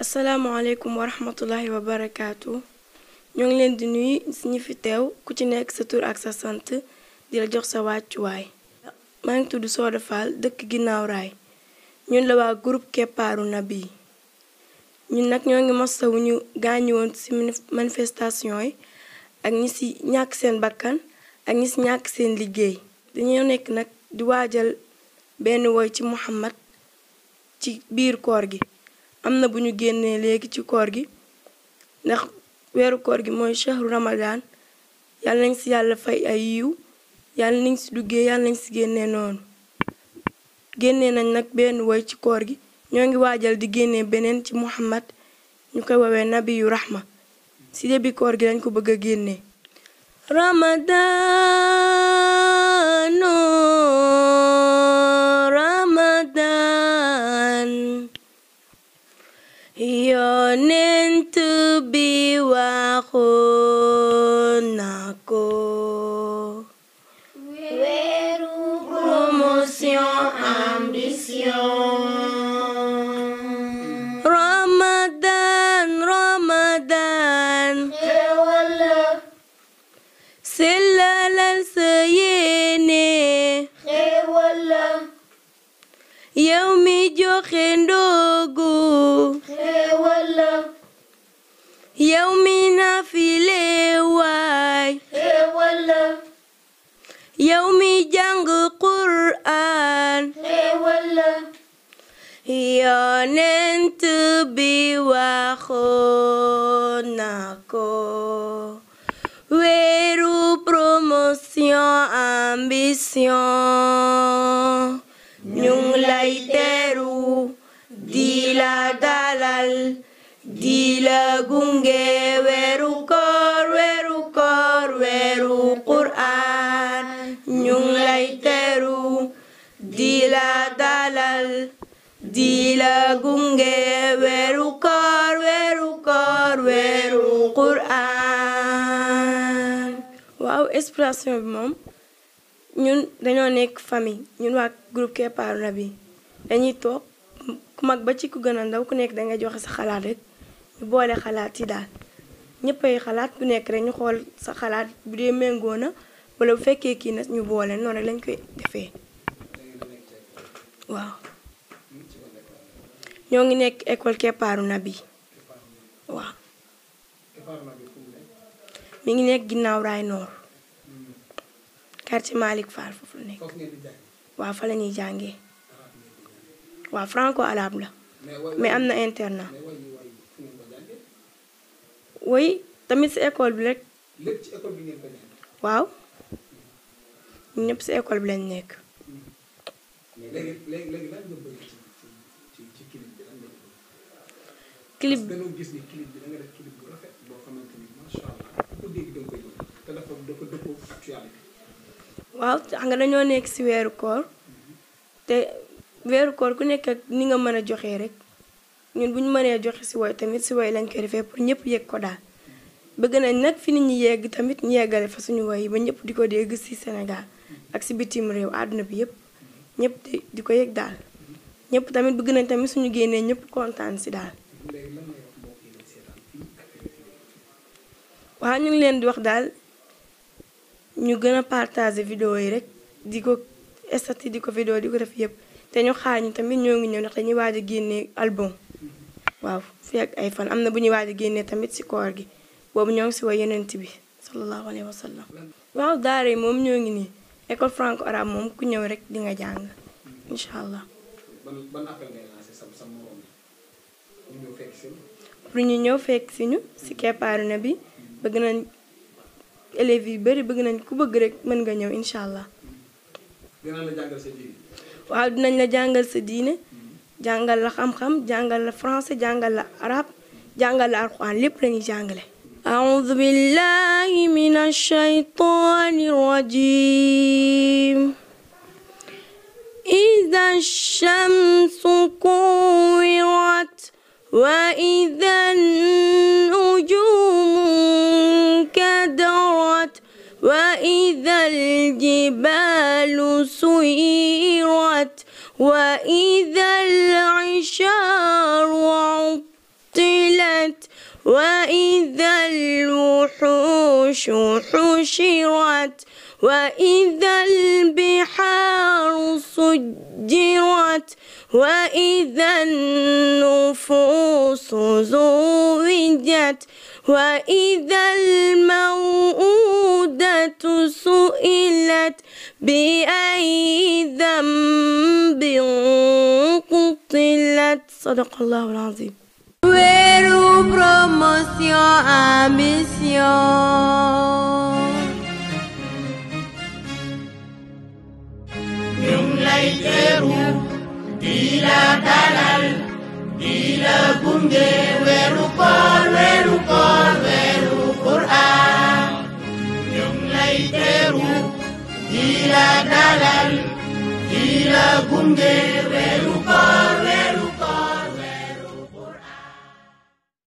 asalaamaaleykum wa rahmatullahi wa barakaatu ñoo ngi leen di nuyu si ñi fi teew ku ci nekk sa tur ak sa sant di la jox sa wàccuwaay. maa ngi tudd Soda Fall dëkk ginnaaw raay ñun la waa groupe keppaaru nabi ñun nag ñoo ngi masawu ñu gaañu woon si manifestation yi ak ñi si ñàkk seen bakkan ak ñi si ñàkk seen liggéey. dañoo nekk nag di waajal benn woy ci Muhammad ci biir koor gi. am na bu ñu génnee léegi ci koor gi ndax weeru koor gi mooy chahru ramadan yàlla nañ si yàlla fay ay yiw yàlla nañ si duggee yàlla nañ si génnee noonu génnee nañ nag benn woy ci koor gi ñoo ngi waajal di génnee beneen ci muhammad ñu ko woowee nabi yu rahma si début koor gi dañ ko bëgg a génnee ramadan E wala. yow mi joxe ndogu wala, yow mi nafile E wala. yow mi jàng qur'an xéewalam yonent bi nentu biwa khonako. ambition ñu lay teeru di la dalal di la gunge weeru koor weeru koor weeru quraan ñu lay teeru di la dalal di la gunge weeru koor weeru koor weeru quraan waaw expression bi ñun dañoo nekk famille ñun waa groupe Keppaaru Nabi dañuy toog ku mag ba ci ku gën a ndaw ku nekk dangay joxe sa xalaat rek ñu boole xalaat yi daal ñëppay xalaat bu nekk rek ñu xool sa xalaat bu dee méngoo na wala bu fekkee kii nag ñu boole noonu rek lañ koy defee waaw. ñoo ngi nekk école Keppaaru Nabi waaw. mi ngi nekk ginnaaw raay noor. quartier Malick Fall foofu la nekk. waaw fa la jàngee. waaw franco arabe la. mais am na internat. woy tamit si école bi rek. waaw. ñëpp si école bi lañ nekk. Hmm. clip waaw xam nga dañoo nekk ci weeru koor te weeru koor ku nekk ak ni nga mën a joxee rek ñun bu mënee joxe ci woy tamit si woy lañ koy defee pour ñëpp yëg ko daal bëgg nañ nag fi nit ñi yegg tamit ñu yeggale fa suñu woy yi ba ñëpp di ko dégg ci Sénégal ak bitim réew àdduna bi yëpp ñëpp di ko yëg daal ñëpp tamit bëgg nañ tamit suñu génnee ñëpp kontaan si daal waaw ñu ngi leen di wax daal ñu gën a partager vidéo yi rek di ko estati di ko vidéo di ko def yëpp te ñu xaar ñi tamit ñoo ngi ñëw ndax dañuy waaj a génnee album waaw fii ak ay fan am na bu ñuy waaj a génne tamit si koor gi boobu ñoo ngi ci way yenent bi sallallahu alayhi wa sallam waaw daara yi moom ñoo ngi nii école franco arabe moom ku ñëw rek di nga jàng incha allah. pour ñu ñëw fekk si ñu ci keppaaru na bi bëgg nañ élèves yi bëri bëgg nañ ku bëgg rek mën nga ñëw incha allah. dinañ la jàngal sa diine. waaw dinañ la jàngal sa diine. jàngal la xam-xam la français jàngal la arabe jàngal la alxuraan lépp la ñuy jàngale. أعوذ بالله من الشيطان الرجيم إذا الشمس كورت وإذا الجبال سيرت وإذا العشار عطلت وإذا الوحوش حشرت وإذا البحار سجرت وإذا النفوس زوجت وإذا الموءودة سئلت بأي ذنب قتلت صدق الله العظيم ويرو promoción a يوم Y un laitero, بلد Ilagunge weru kor weru kor weru Quran Yung lay teru Ila dalal Ilagunge weru por.